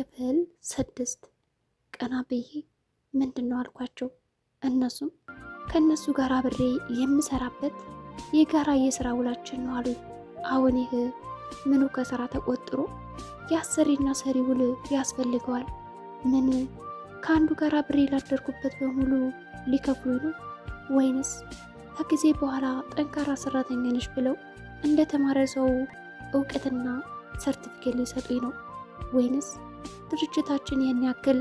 ክፍል ስድስት ቀና ብዬ ምንድን ነው አልኳቸው። እነሱም ከእነሱ ጋር አብሬ የምሰራበት የጋራ የስራ ውላችን ነው አሉ። አሁን ይህ ምኑ ከስራ ተቆጥሮ የአሰሪና ሰሪ ውል ያስፈልገዋል? ምን ከአንዱ ጋር አብሬ ላደርጉበት በሙሉ ሊከፍሉ ነው ወይንስ ከጊዜ በኋላ ጠንካራ ሰራተኛ ነሽ ብለው እንደ ሰው እውቀትና ሰርቲፊኬት ሊሰጡኝ ነው ወይንስ ድርጅታችን ይህን ያክል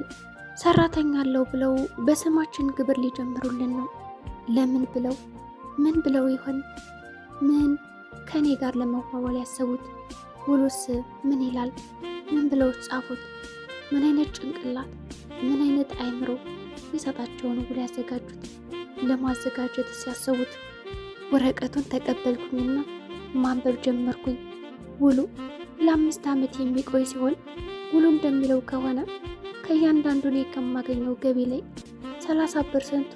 ሰራተኛ አለው ብለው በስማችን ግብር ሊጀምሩልን ነው። ለምን ብለው ምን ብለው ይሆን? ምን ከእኔ ጋር ለመዋወል ያሰቡት? ውሉስ ምን ይላል? ምን ብለው ጻፉት? ምን አይነት ጭንቅላት፣ ምን አይነት አይምሮ የሰጣቸውን ውል ያዘጋጁት? ለማዘጋጀት ሲያሰቡት ወረቀቱን ተቀበልኩኝና ማንበብ ጀመርኩኝ። ውሉ ለአምስት ዓመት የሚቆይ ሲሆን ውሉ እንደሚለው ከሆነ ከእያንዳንዱ እኔ ከማገኘው ገቢ ላይ ሰላሳ ፐርሰንቱ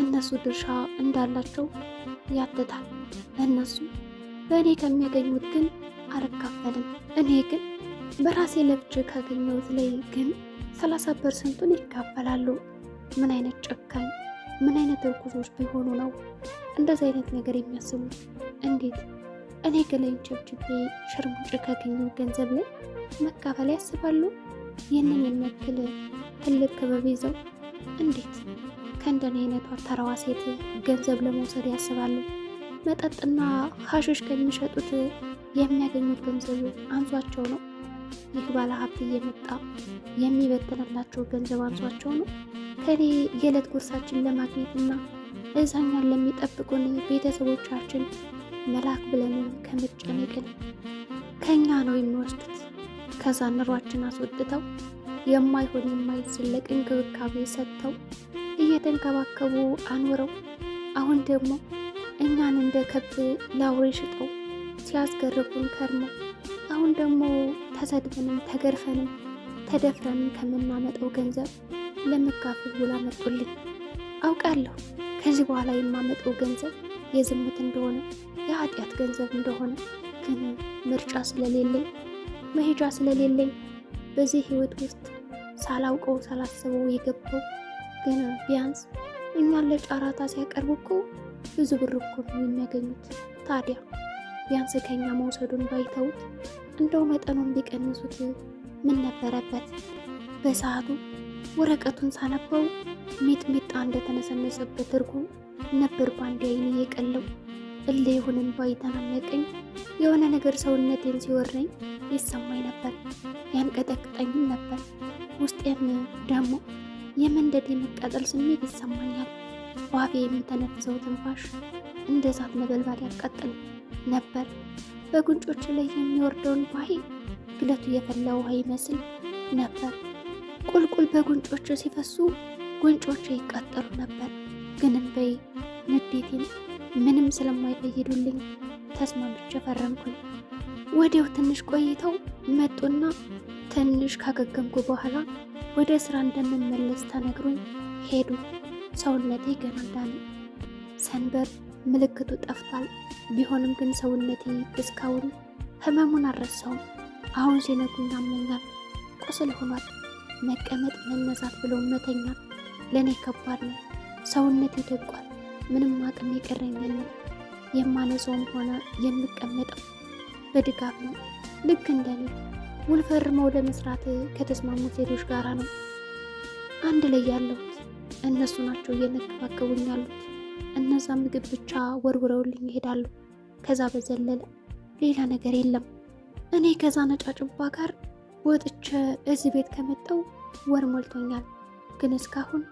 እነሱ ድርሻ እንዳላቸው ያትታል። እነሱ በእኔ ከሚያገኙት ግን አልካፈልም። እኔ ግን በራሴ ለብቼ ካገኘሁት ላይ ግን ሰላሳ ፐርሰንቱን ይካፈላሉ። ምን አይነት ጨካኝ፣ ምን አይነት እርጉዞች ቢሆኑ ነው እንደዚህ አይነት ነገር የሚያስቡት? እንዴት እኔ ግን ቸብችቤ ሸርሙጭ ካገኘው ገንዘብ ላይ መካፈል ያስባሉ። ይህንን የሚያክል ትልቅ ክበብ ይዘው እንዴት ከእንደኔ አይነቷ ተራዋ ሴት ገንዘብ ለመውሰድ ያስባሉ? መጠጥና ሀሾሽ ከሚሸጡት የሚያገኙት ገንዘብ አንሷቸው ነው። ይህ ባለ ሀብት እየመጣ የሚበትንላቸው ገንዘብ አንሷቸው ነው። ከኔ የዕለት ጉርሳችን ለማግኘትና እዛኛን ለሚጠብቁን ቤተሰቦቻችን መልአክ ብለን ከመጨነቅን ከእኛ ነው የሚወስዱት። ከዛ ኑሯችን አስወጥተው የማይሆን የማይዘለቅ እንክብካቤ ሰጥተው እየተንከባከቡ አኖረው። አሁን ደግሞ እኛን እንደ ከብት ለአውሬ ሽጠው ሲያስገርቡን ከርመው አሁን ደግሞ ተሰድበንም ተገርፈንም ተደፍረንም ከምናመጠው ገንዘብ ለመካፈል ውላ መጡልኝ። አውቃለሁ ከዚህ በኋላ የማመጠው ገንዘብ የዝሙት እንደሆነ የኃጢአት ገንዘብ እንደሆነ ግን ምርጫ ስለሌለኝ መሄጃ ስለሌለኝ በዚህ ህይወት ውስጥ ሳላውቀው ሳላስበው የገባው ገና ቢያንስ እኛን ለጫራታ ሲያቀርቡ እኮ ብዙ ብር እኮ ነው የሚያገኙት። ታዲያ ቢያንስ ከኛ መውሰዱን ባይተውት እንደው መጠኑን ቢቀንሱት ምን ነበረበት? በሰዓቱ ወረቀቱን ሳነበው ሚጥሚጣ እንደተነሰነሰበት እርጉም ነበር ባንድ አይኔ የቀለው እለ የሆነ እንባ የሆነ ነገር ሰውነቴን ሲወረኝ ይሰማኝ ነበር፣ ያንቀጠቅጠኝም ነበር። ውስጤም ደግሞ የመንደድ የመቃጠል ስሜት ይሰማኛል። በአፌ የምተነፍሰው ትንፋሽ እንደ እሳት ነበልባል ያቃጥል ነበር። በጉንጮች ላይ የሚወርደውን ባይ ግለቱ የፈላ ውሃ ይመስል ነበር። ቁልቁል በጉንጮቹ ሲፈሱ ጉንጮቹ ይቃጠሉ ነበር። ግን እንበይ ንዴቴን ምንም ስለማይፈይዱልኝ ተስማምቼ ፈረምኩኝ። ወዲያው ትንሽ ቆይተው መጡና ትንሽ ካገገምኩ በኋላ ወደ ስራ እንደምመለስ ተነግሮኝ ሄዱ። ሰውነቴ ገና እንዳለ ሰንበር ምልክቱ ጠፍቷል። ቢሆንም ግን ሰውነቴ እስካሁን ህመሙን አልረሳውም። አሁን ሲነጉኝ ያመኛል፣ ቁስል ሆኗል። መቀመጥ መነሳት ብሎ መተኛ ለእኔ ከባድ ነው። ሰውነት ይደቋል። ምንም አቅም የቀረኝ የለም። የማነጸውም ሆነ የምቀመጠው በድጋፍ ነው። ልክ እንደኔ ውል ፈርመው ለመስራት ከተስማሙ ሴቶች ጋር ነው አንድ ላይ ያለሁት። እነሱ ናቸው እየተንከባከቡኝ ያሉት። እነዛ ምግብ ብቻ ወርውረውልኝ ይሄዳሉ። ከዛ በዘለለ ሌላ ነገር የለም። እኔ ከዛ ነጫጭባ ጋር ወጥቼ እዚህ ቤት ከመጣው ወር ሞልቶኛል፣ ግን እስካሁን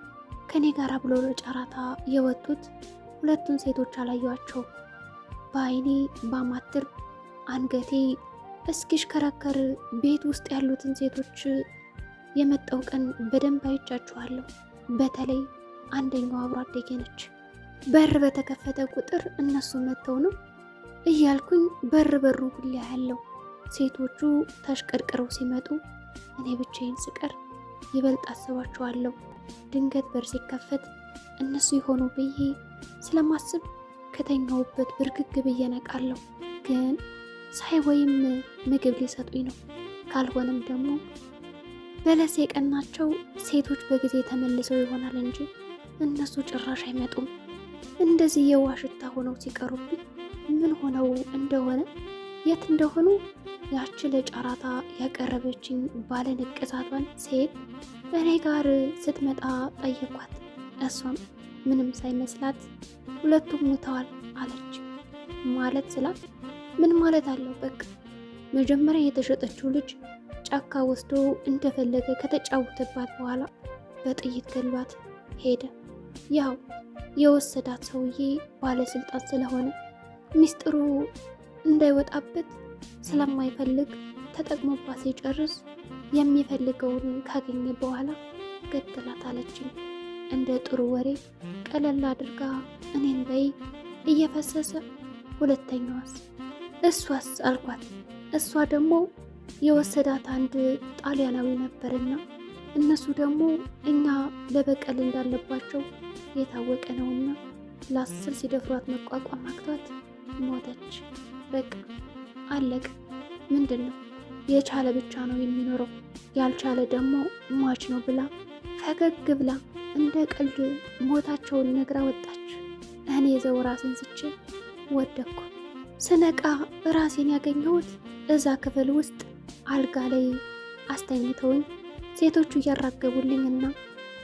ከኔ ጋር ብሎ ለጨረታ የወጡት ሁለቱን ሴቶች አላየዋቸው። በአይኔ ባማትር አንገቴ እስኪሽከረከር ቤት ውስጥ ያሉትን ሴቶች የመጣው ቀን በደንብ አይቻችኋለሁ። በተለይ አንደኛው አብሮ አደጌ ነች። በር በተከፈተ ቁጥር እነሱ መጥተው ነው እያልኩኝ በር በሩ ሁላ ያለው ሴቶቹ ተሽቀርቅረው ሲመጡ እኔ ብቻዬን ስቀር ይበልጥ አስባችኋለሁ። ድንገት በር ሲከፈት እነሱ የሆኑ ብዬ ስለማስብ ከተኛውበት ብርግግ ብዬ ነቃለሁ። ግን ሳይ ወይም ምግብ ሊሰጡኝ ነው፣ ካልሆነም ደግሞ በለስ የቀናቸው ሴቶች በጊዜ ተመልሰው ይሆናል እንጂ እነሱ ጭራሽ አይመጡም። እንደዚህ የዋሽታ ሆነው ሲቀሩብኝ ምን ሆነው እንደሆነ የት እንደሆኑ ያች ለጨራታ ያቀረበችኝ ባለ ሴት እኔ ጋር ስትመጣ ጠየኳት። እሷም ምንም ሳይመስላት ሁለቱም ሙተዋል አለች። ማለት ስላት ምን ማለት አለው? በቃ መጀመሪያ የተሸጠችው ልጅ ጫካ ወስዶ እንደፈለገ ከተጫወተባት በኋላ በጥይት ገሏት ሄደ። ያው የወሰዳት ሰውዬ ባለስልጣን ስለሆነ ሚስጥሩ እንዳይወጣበት ስለማይፈልግ ተጠቅሞባት ሲጨርስ የሚፈልገውን ካገኘ በኋላ ገደላት አለችኝ። እንደ ጥሩ ወሬ ቀለል አድርጋ እኔን በይ እየፈሰሰ ሁለተኛዋስ እሷስ አልኳት። እሷ ደግሞ የወሰዳት አንድ ጣሊያናዊ ነበርና እነሱ ደግሞ እኛ ለበቀል እንዳለባቸው የታወቀ ነውና ለአስር ሲደፍሯት መቋቋም አቅቷት ሞተች። በቃ አለቅ ምንድን ነው የቻለ ብቻ ነው የሚኖረው፣ ያልቻለ ደግሞ ሟች ነው ብላ ፈገግ ብላ እንደ ቀልድ ሞታቸውን ነግራ ወጣች። እኔ ዘው ራሴን ስቼ ወደኩ። ስነቃ ራሴን ያገኘሁት እዛ ክፍል ውስጥ አልጋ ላይ አስተኝተውኝ ሴቶቹ እያራገቡልኝ እና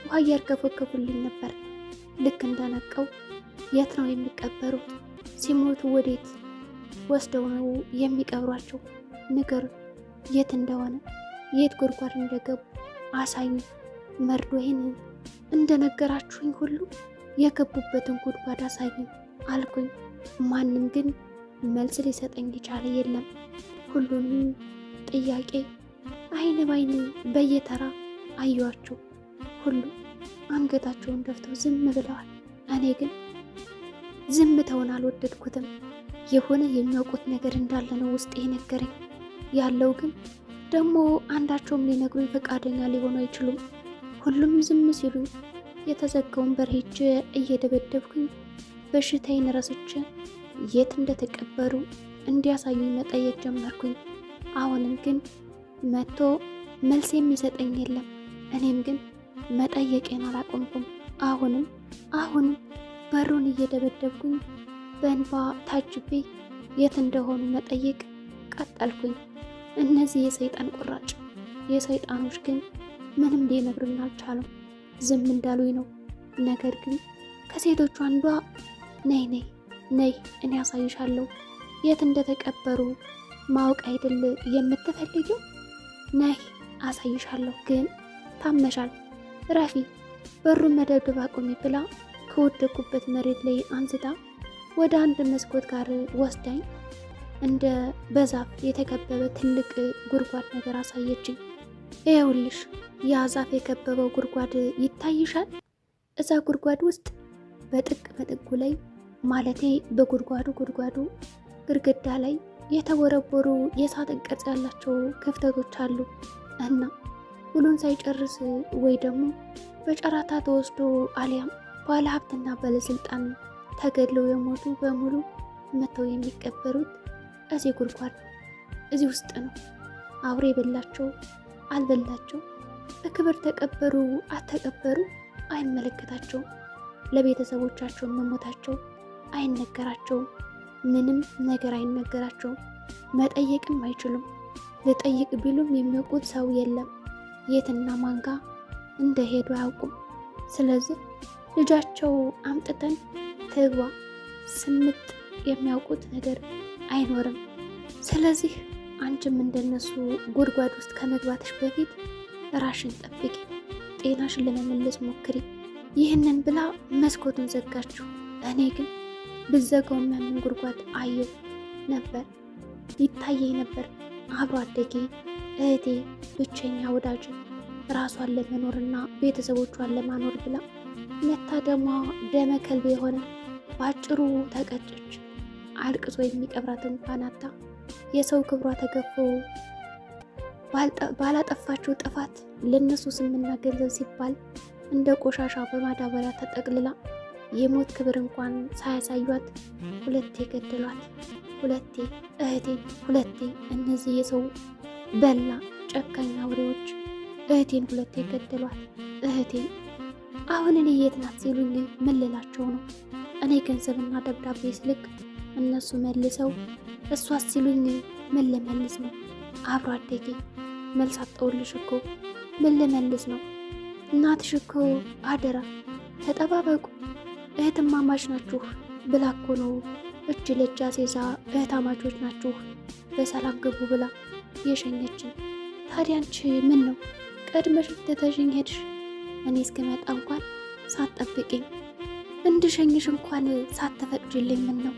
ውሃ እያርከፈከፉልኝ ነበር። ልክ እንደነቀው የት ነው የሚቀበሩት? ሲሞቱ ወዴት ወስደው ነው የሚቀብሯቸው? ንገሩን። የት እንደሆነ የት ጉድጓድ እንደገቡ አሳዩ። መርዶ ይህን እንደነገራችሁኝ ሁሉ የገቡበትን ጉድጓድ አሳዩኝ አልኩኝ። ማንም ግን መልስ ሊሰጠኝ የቻለ የለም። ሁሉንም ጥያቄ አይን ባይን በየተራ አየዋቸው። ሁሉም አንገታቸውን ደፍተው ዝም ብለዋል። እኔ ግን ዝምተውን አልወደድኩትም። የሆነ የሚያውቁት ነገር እንዳለ ነው ውስጥ ነገረኝ? ያለው ግን ደግሞ አንዳቸውም ሊነግሩኝ ፈቃደኛ ሊሆኑ አይችሉም። ሁሉም ዝም ሲሉ የተዘጋውን በር ሄጄ እየደበደብኩኝ በሽታዬን ረስቼ የት እንደተቀበሩ እንዲያሳዩ መጠየቅ ጀመርኩኝ። አሁንም ግን መጥቶ መልስ የሚሰጠኝ የለም። እኔም ግን መጠየቄን አላቆምኩም። አሁንም አሁንም በሩን እየደበደብኩኝ በእንባ ታጅቤ የት እንደሆኑ መጠየቅ ቀጠልኩኝ። እነዚህ የሰይጣን ቁራጭ የሰይጣኖች ግን ምንም ሊነግሩኝ አልቻሉም። ዝም እንዳሉኝ ነው። ነገር ግን ከሴቶቹ አንዷ ነይ ነይ ነይ እኔ ያሳይሻለሁ የት እንደተቀበሩ ማወቅ አይደል የምትፈልጊው? ነይ አሳይሻለሁ፣ ግን ታመሻል፣ ረፊ በሩን መደብደብ አቁሚ ብላ ከወደኩበት መሬት ላይ አንስታ ወደ አንድ መስኮት ጋር ወስዳኝ እንደ በዛፍ የተከበበ ትልቅ ጉድጓድ ነገር አሳየችኝ። ይኸውልሽ ያ ዛፍ የከበበው ጉድጓድ ይታይሻል? እዛ ጉድጓድ ውስጥ በጥቅ በጥጉ ላይ ማለቴ በጉድጓዱ ጉድጓዱ ግድግዳ ላይ የተቦረቦሩ የሳጥን ቅርጽ ያላቸው ክፍተቶች አሉ እና ሁሉን ሳይጨርስ ወይ ደግሞ በጨራታ ተወስዶ አሊያም ባለሀብትና ባለስልጣን ተገድለው የሞቱ በሙሉ መተው የሚቀበሩት እዚህ ጉድጓድ ነው፣ እዚህ ውስጥ ነው። አውሬ የበላቸው አልበላቸው፣ በክብር ተቀበሩ አልተቀበሩ አይመለከታቸውም። ለቤተሰቦቻቸው መሞታቸው አይነገራቸውም። ምንም ነገር አይነገራቸውም። መጠየቅም አይችሉም። ልጠይቅ ቢሉም የሚያውቁት ሰው የለም። የትና ማንጋ እንደሄዱ አያውቁም። ስለዚህ ልጃቸው አምጥተን ትግባ ስምጥ የሚያውቁት ነገር አይኖርም። ስለዚህ አንቺም እንደነሱ ጉድጓድ ውስጥ ከመግባትሽ በፊት ራሽን ጠብቂ፣ ጤናሽን ለመመለስ ሞክሪ። ይህንን ብላ መስኮቱን ዘጋችው። እኔ ግን ብዘጋው የሚያምን ጉድጓድ አየው ነበር፣ ይታየኝ ነበር። አብሮ አደጌ እህቴ፣ ብቸኛ ወዳጅ፣ ራሷን ለመኖርና ቤተሰቦቿን ለማኖር ብላ መታደሟ ደሟ ደመ ከልብ የሆነ በአጭሩ ተቀጨች። አልቅሶ የሚቀብራት እንኳን አታ የሰው ክብሯ ተገፎ ባላጠፋችው ጥፋት ለነሱ ስምና ገንዘብ ሲባል እንደ ቆሻሻ በማዳበሪያ ተጠቅልላ የሞት ክብር እንኳን ሳያሳዩት ሁለቴ ገደሏት። ሁለቴ እህቴ፣ ሁለቴ እነዚህ የሰው በላ ጨካኝ አውሬዎች እህቴን ሁለቴ ገደሏት። እህቴ አሁን እኔ የት ናት ሲሉኝ ምን ልላቸው ነው? እኔ ገንዘብና ደብዳቤ ስልክ እነሱ መልሰው እሷ ሲሉኝ ምን ልመልስ ነው? አብሮ አደጌ መልስ አጣሁልሽ እኮ ምን ልመልስ ነው? እናትሽ እኮ አደራ ተጠባበቁ፣ እህትማማች ናችሁ ብላ እኮ ነው እጅ ለእጅ አሴዛ እህታማቾች ናችሁ በሰላም ግቡ ብላ የሸኘችን። ታዲያ አንቺ ምን ነው ቀድመሽ ተተሽኝ ሄድሽ? እኔ እስክመጣ እንኳን ሳትጠብቅኝ እንድሸኝሽ እንኳን ሳትፈቅጅልኝ ምን ነው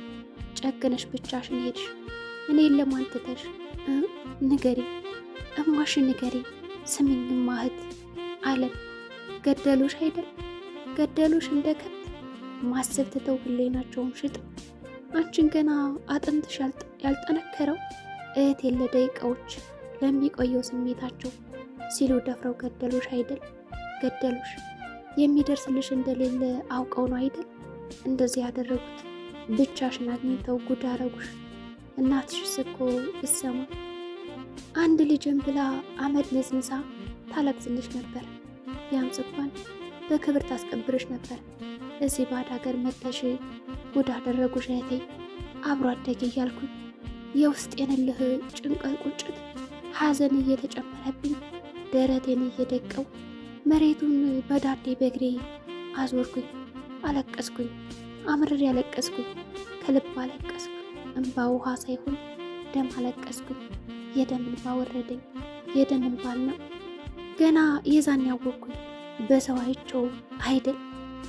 ጨክነሽ ብቻሽን ሄድሽ። እኔን ለማን ትተሽ ንገሪ፣ እማሽ ንገሪ። ስሚኝ ማህት አለም ገደሉሽ አይደል? ገደሉሽ እንደ ከብት ማሰብ ትተው ህሊናቸውን ሽጥ አንቺን ገና አጥንትሽ ያልጠነከረው እህት የለ ደቂቃዎች ለሚቆየው ስሜታቸው ሲሉ ደፍረው ገደሉሽ አይደል? ገደሉሽ የሚደርስልሽ እንደሌለ አውቀው ነው አይደል እንደዚህ ያደረጉት? ብቻሽን አግኝተው ጉድ አረጉሽ። እናትሽስ እኮ ብትሰማ አንድ ልጅን ብላ አመድ ነዝንሳ ታለቅስልሽ ነበር። ቢያንስ እንኳን በክብር ታስቀብርሽ ነበር። እዚህ ባዕድ ሀገር መጥተሽ ጉድ አደረጉሽ እህቴ፣ አብሮ አደጌ እያልኩኝ የውስጤን እልህ፣ ጭንቀት፣ ቁጭት፣ ሐዘን እየተጨመረብኝ ደረቴን እየደቀው መሬቱን በዳዴ በእግሬ አዞርኩኝ፣ አለቀስኩኝ። አምርር ያለቀስኩኝ፣ ከልብ አለቀስኩ። እንባ ውሃ ሳይሆን ደም አለቀስኩኝ። የደም እንባ ወረደኝ፣ የደም እንባ ነው። ገና የዛን ያወቅኩኝ በሰው አይቼው አይደል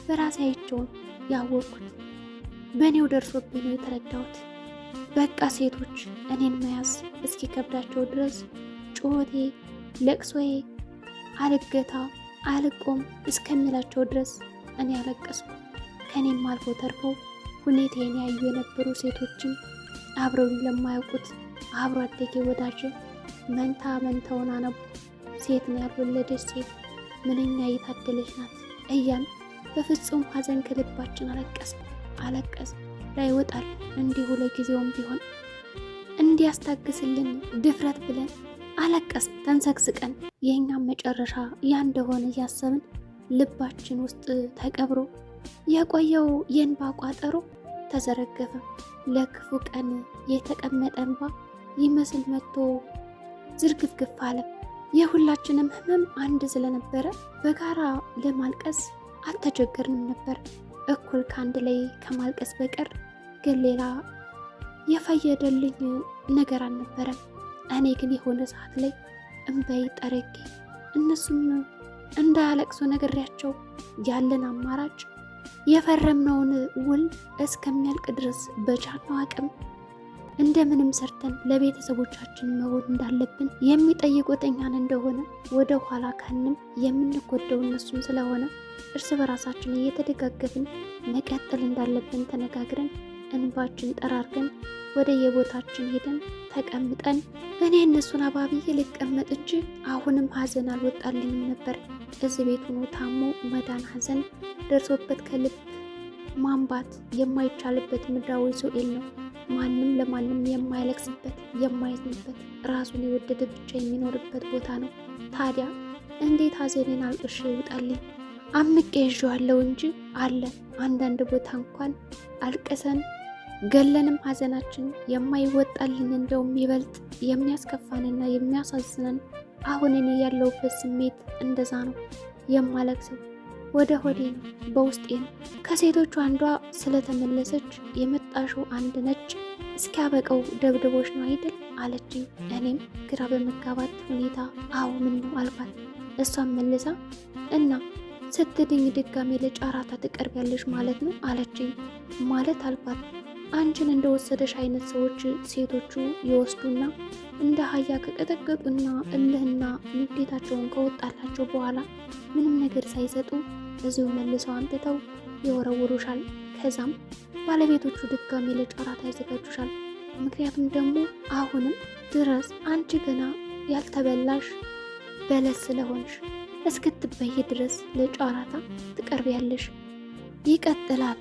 በራሴ አይቼውን ያወቅኩት በእኔው ደርሶብኝ ነው የተረዳሁት። በቃ ሴቶች እኔን መያዝ እስኪከብዳቸው ድረስ ጩኸቴ፣ ለቅሶዬ አልገታ አልቆም እስከሚላቸው ድረስ እኔ ያለቀስኩ። ከኔም አልፎ ተርፎ ሁኔታዬን ያዩ የነበሩ ሴቶችም አብረው ለማያውቁት አብሮ አደጌ ወዳጅ መንታ መንታውን አነቡ። ሴት ነው ያልወለደች ሴት ምንኛ እየታደለች ናት እያን በፍጹም ሐዘን ከልባችን አለቀስ አለቀስ ላይ ይወጣል እንዲሁ ለጊዜውም ቢሆን እንዲያስታግስልን ድፍረት ብለን አለቀስ ተንሰግስቀን የእኛም መጨረሻ ያ እንደሆነ እያሰብን ልባችን ውስጥ ተቀብሮ የቆየው የእንባ ቋጠሮ ተዘረገፈ። ለክፉ ቀን የተቀመጠ እንባ ይመስል መጥቶ ዝርግፍግፍ አለ። የሁላችንም ህመም አንድ ስለነበረ በጋራ ለማልቀስ አልተቸገርንም ነበር። እኩል ከአንድ ላይ ከማልቀስ በቀር ግን ሌላ የፈየደልኝ ነገር አልነበረም። እኔ ግን የሆነ ሰዓት ላይ እንበይ ጠረጌ እነሱም እንዳያለቅሱ ነግሬያቸው ያለን አማራጭ የፈረምነውን ውል እስከሚያልቅ ድረስ በቻልነው አቅም እንደምንም ሰርተን ለቤተሰቦቻችን መሆን እንዳለብን የሚጠይቁት እኛን እንደሆነ ወደ ኋላ ካንም የምንጎደው እነሱም ስለሆነ እርስ በራሳችን እየተደጋገፍን መቀጠል እንዳለብን ተነጋግረን እንባችን ጠራርገን ወደ የቦታችን ሄደን ተቀምጠን እኔ እነሱን አባብዬ ልቀመጥ እንጂ አሁንም ሀዘን አልወጣልኝም ነበር። እዚህ ቤት ሆኖ ታሞ መዳን ሀዘን ደርሶበት ከልብ ማንባት የማይቻልበት ምድራዊ ሶኤል ነው። ማንም ለማንም የማይለቅስበት የማይዝንበት ራሱን የወደደ ብቻ የሚኖርበት ቦታ ነው። ታዲያ እንዴት ሀዘኔን አልቅሽ ይውጣልኝ? አምቄ ይዤዋለሁ እንጂ አለ አንዳንድ ቦታ እንኳን አልቀሰን! ገለንም ሀዘናችን የማይወጣልን እንደውም ይበልጥ የሚያስከፋንና የሚያሳዝነን አሁን እኔ ያለውበት ስሜት እንደዛ ነው። የማለቅሰው ወደ ሆዴ ነው፣ በውስጤ ነው። ከሴቶቹ አንዷ ስለተመለሰች የመጣሽው አንድ ነች እስኪያበቀው ደብድቦች ነው አይደል አለችኝ። እኔም ግራ በመጋባት ሁኔታ አዎ ምን ነው አልኳት። እሷም መልሳ እና ስትድኝ ድጋሜ ለጨራታ ትቀርቢያለሽ ማለት ነው አለችኝ። ማለት አልኳት አንቺን እንደወሰደሽ አይነት ሰዎች ሴቶቹ ይወስዱና እንደ አህያ ከቀጠቀጡና እልህና ንዴታቸውን ከወጣላቸው በኋላ ምንም ነገር ሳይሰጡ እዚሁ መልሰው አንጥተው ይወረውሩሻል። ከዛም ባለቤቶቹ ድጋሜ ለጨራታ ያዘጋጁሻል ምክንያቱም ደግሞ አሁንም ድረስ አንቺ ገና ያልተበላሽ በለስ ስለሆንሽ እስክትበይ ድረስ ለጨራታ ትቀርቢያለሽ። ይቀጥላል።